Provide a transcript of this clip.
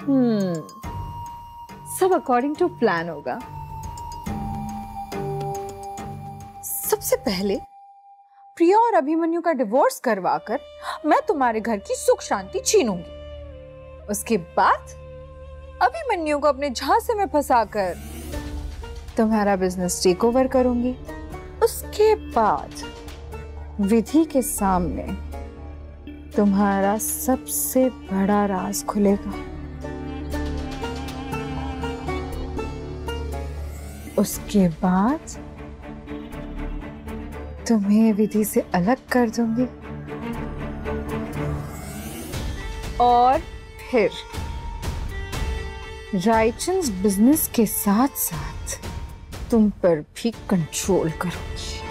हम्म सब according to plan होगा सबसे पहले प्रिया और अभिमन्यु का डिवोर्स करवाकर मैं तुम्हारे घर की सुख शांति छीनूंगी उसके बाद अभिमन्यु को अपने झांसे में फंसाकर तुम्हारा बिजनेस टेक ओवर करूंगी उसके बाद विधि के सामने तुम्हारा सबसे बड़ा राज खुलेगा उसके बाद तुम्हें विधि से अलग कर दूंगी और फिर राइचन्स बिजनेस के साथ साथ तुम पर भी कंट्रोल करूंगी